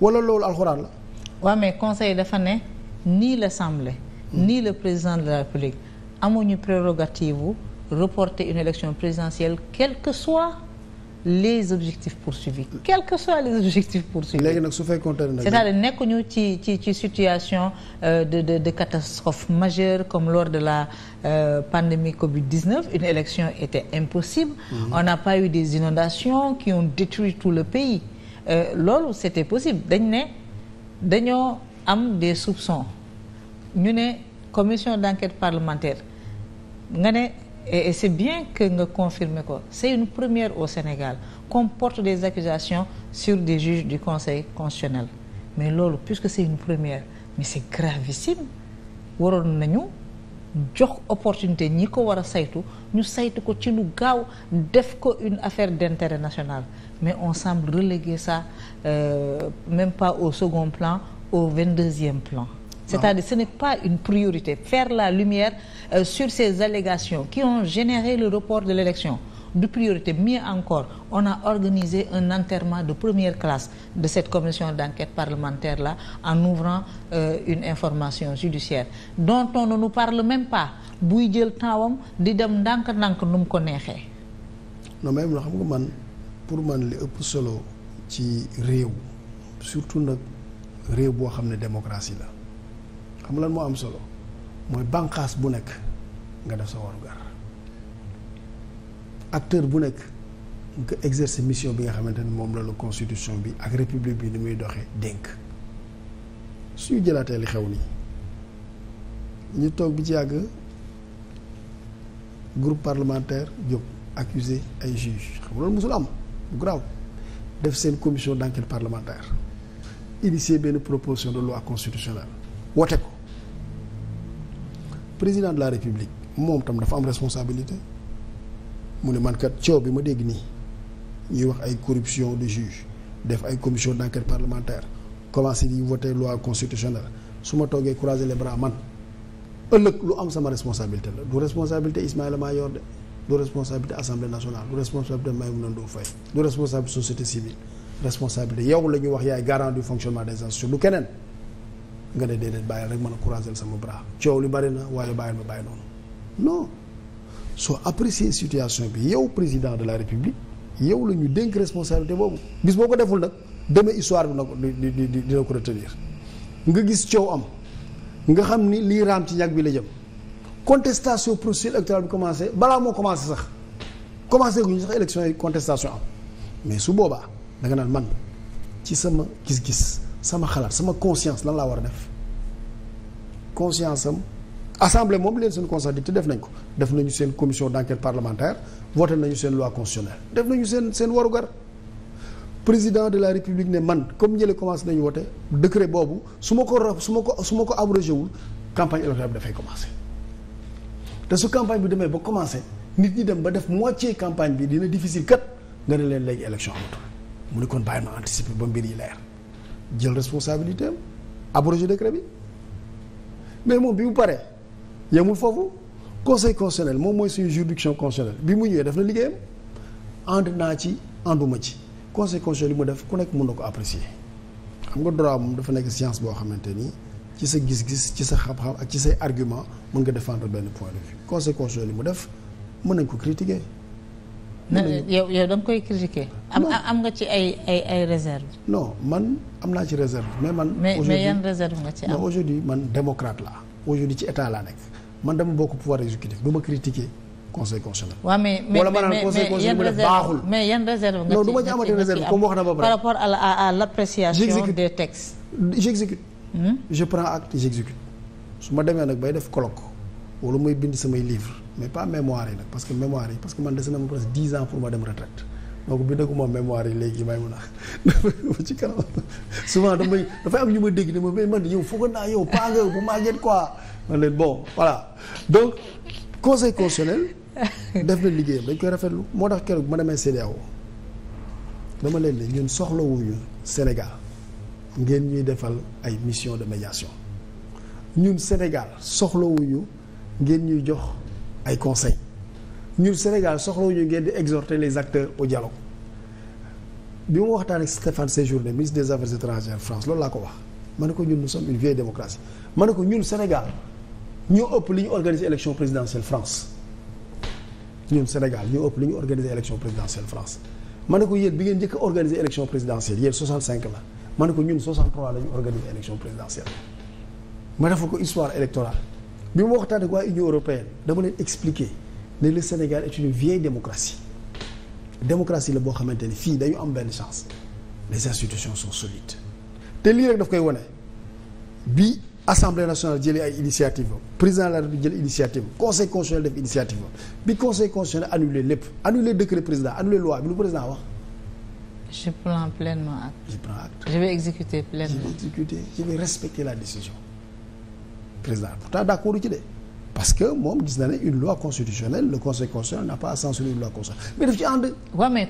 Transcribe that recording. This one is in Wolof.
wala loolu alxuraan la. waaw mais conseil dafa ne ni l'Assemblée. Hmm. ni le président de la République amuñu prérogative wu reporter une élection présidentielle quel que soit les objectifs poursuivis. quels que soient les objectifs poursuivis. léegi c'est-à-dire nekkuñu ci ci ci situation euh, de de de catastrophe majeure comme lors de la euh, pandémie Covid-19 une élection était impossible. Mm-hmm. on n'a pas eu des inondations qui ont détruit tout le pays. Euh, loolu c'était possible dañ ne dañoo am des soupçons ñu ne commission d'enquête parlementaire nga ne et c'est bien que nga confirmer ko c'est une première au Sénégal qu'on porte des accusations sur des juges du Conseil constitutionnel mais loolu puisque c'est une première mais c'est gravissime waroon nañu jox opportunité ñi ko war a saytu ñu saytu ko ci lu gaaw def ko une affaire d'intérêt national mais on semble reléguer ça euh, même pas au second plan au vingt-deuxième plan c'est-à-dire ce n'est pas une priorité faire la lumière euh, sur ces allégations qui ont généré le report de l'élection de priorité. Mieux encore, on a organisé un enterrement de première classe de cette commission d'enquête parlementaire la en ouvrant euh, une information judiciaire dont na nu nous parle même pas buy jël taawam di dem ndànk-ndànk nu mu ko neexee. non mais xam nga man pour man li ëpp solo ci réew surtout nag réew boo xam ne démocratie la xam lan moo am solo mooy banqaas bu nekk nga def sa warugar. acteur bu nekk nga exercer mission bi nga xamante ne moom la la constitution bi ak république bi ni muy doxee dénk suñu jëlaatee li xew nii ñu toog bi ci yàgg groupe parlementaire jóg accusé ay juge xam loolu mosul am bu grave def seen commission d'enquête parlementaire initier benn proposition de loi constitutionnelle wote ko président de la république moom tam dafa am responsabilité mu ne man kat coow bi ma dégg nii ñuy wax ay corruption de juge def ay commission d' enquête parlementaire commencé di voter loi constitutionnelle su ma toogee croiser les bras man ëllëg lu am sama responsabilité la du responsabilité Ismaïla Madior de du responsabilité assemblée nationale du responsabilité Maïmouna Ndoye Faye du responsabilité société civile responsabilité yow la ñuy wax yaay garant du fonctionnement des institutions du keneen nga ne déedéet bàyyil rek mën a croiser sama bras coow li bari na waaye bàyyil ma bàyyi noonu soo apprécier situation bi yow président de la république yow la ñu dénk responsabilité boobu bis boo ko deful nag demee histoire bi na ko dina ko retenir nga gis coow am nga xam ni lii raam ci ñag bi la jëm contestation procédure électorale bi commencé balaa moo commencé sax commencé ñu sax élection yi contestation am mais su boobaa da nga naan man ci sama gis-gis sama xalaat sama conscience lan laa war a def conscience am assemblée moom leen seen consensus def nañ ko def nañu seen commission d'enquête parlementaire voté nañu seen loi constitutionnelle def nañu seen seen warugar président de la république ne man comme ñële commencé nañu wote décret boobu su ma ko su ma ko su ma ko abrogé wul campagne électorale bi dafay commencé te su campagne bi demee ba commencé nit ñi dem ba def moitié campagne bi dina difficile kat nga ne leen léegi élection amatul mu ne kon ba mbir yi leer jël responsabilité am abrogé décret bi mais moom bi mu paree. yemul foofu conseil constitutionnel moom mooy suñu juridiction constitutionnelle bi mu ñëwee def na liggéeyam ànd naa ci ànduma ci conseil constitutionnel bi mu def ku nekk mën na ko apprécier xam nga droit moom dafa nekk boo xamante ni ci sa gis-gis ci sa xam ak ci say argument mën nga défendre benn point de vue mu def mën nañ ko critiquer. yow yow da koy critiquer. am am nga ci ay ay ay réserve. non man am naa ci réserve mais man. mais mais yan réserve nga ci am. aujourd'hui man démocrate la aujourd'hui ci état laa nekk. man dama bokk pouvoir exécutif du ma critiquer conseil constitutionnel. waaw mais mais mais yan réserve mais nga non du ma ci réserve comme wax na ba pare. par rapport à à l' appréciation des textes. j' exécute. Hmm? je prends acte j' exécute su ma demee nag bay def colloque wala muy bind samay livre mais pas mémoire yi nag parce que mémoire yi parce que man dese na ma presque dix ans pour ma dem retraite. donc bindaguma mémoire yi léegi may mun a ci kanam souvent damay dafay am ñu ma dégg ne ma mais man yow foog naa yow paa nga bu màgget quoi man leen bon voilà donc conseil constitutionnel def na liggéeyam dañ koy rafetlu moo tax keroog bu ma demee CEDEAO dama leen ne ñun soxlawuñu Sénégal ngeen ñuy defal ay mission de médiation ñun Sénégal soxlawuñu ngeen ñuy jox ay conseil ñun Sénégal soxlawuñu ngeen di exhorter les acteurs au dialogue bi ma waxtaan ak Stéphane Séjourné ministre des affaires étrangères France loolu laa ko wax ma ne ko ñun nous sommes une vieille démocratie ma ko ñun Sénégal ñoo ëpp li ñu organiser élection présidentielle France ñun Sénégal ñu ëpp li ñu organiser élection présidentielle France ma ne ko yéen bi ngeen njëkk a organiser élection présidentielle yéen 65 la ma ne ko ñun 63 la ñu organiser élection présidentielle ma defal ko histoire électorale bi ma waxtaanee ak waa Union dama leen expliquer. ne le Sénégal est une vieille démocratie démocratie la boo xamante ni fii dañu am benn chance les institutions sont solides te lii rek daf koy wane bi assemblée nationale jëlee ay initiative am président la République jël initiative am conseil constitutionnel def initiative bi conseil constitutionnel annulé lépp annulé décret président annulé loi bi lu président wax. je prends pleinement acte. je prends acte. je vais exécuter pleinement. je vais la décision président pourtant d'accord ci parce que moom gis na ne une loi constitutionnelle le conseil constitutionnel n'a pas loi constitutionnelle mais daf ci ànd.